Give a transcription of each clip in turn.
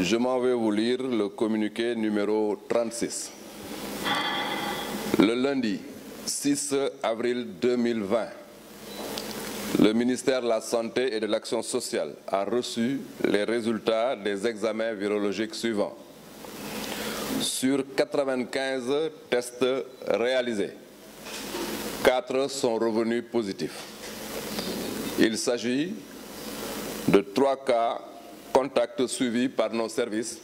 Je m'en vais vous numéro 36. Le lundi 6 avril 2020, le ministère la Santé et de sociale a les résultats des examens virologiques suivants. Sur 95 tests réalisés, 4 sont revenus positifs. contacts suivis par nos services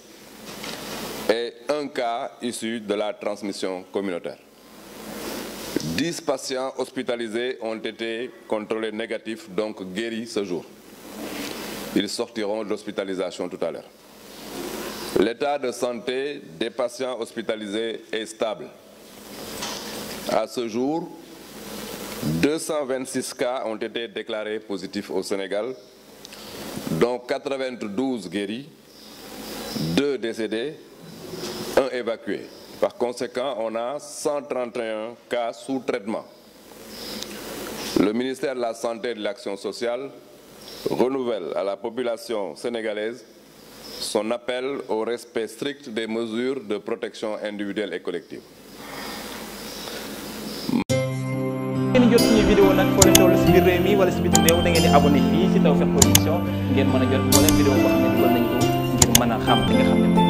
et un cas issu de la transmission communautaire. 10 patients hospitalisés ont été contrôlés donc guéris ce jour. Ils sortiront de l'hospitalisation tout à l'heure. L'état de santé des patients hospitalisés est stable. À ce jour, 226 cas ont été déclarés positifs au Sénégal, dont 92 guéris, 2 décédés, 1 évacué. Par conséquent, on a 131 cas sous traitement. Le ministère la Santé et l'Action sociale renouvelle à la population sénégalaise son appel au respect strict des mesures de protection individuelle et collective. ngeen jot suñu vidéo nag foo leen toll si biir réew si bitim réew da ngeen di abonné fii si Tawfekh Production ngeen mën a jot moo leen vidéo boo xam ne dugal a xam li nga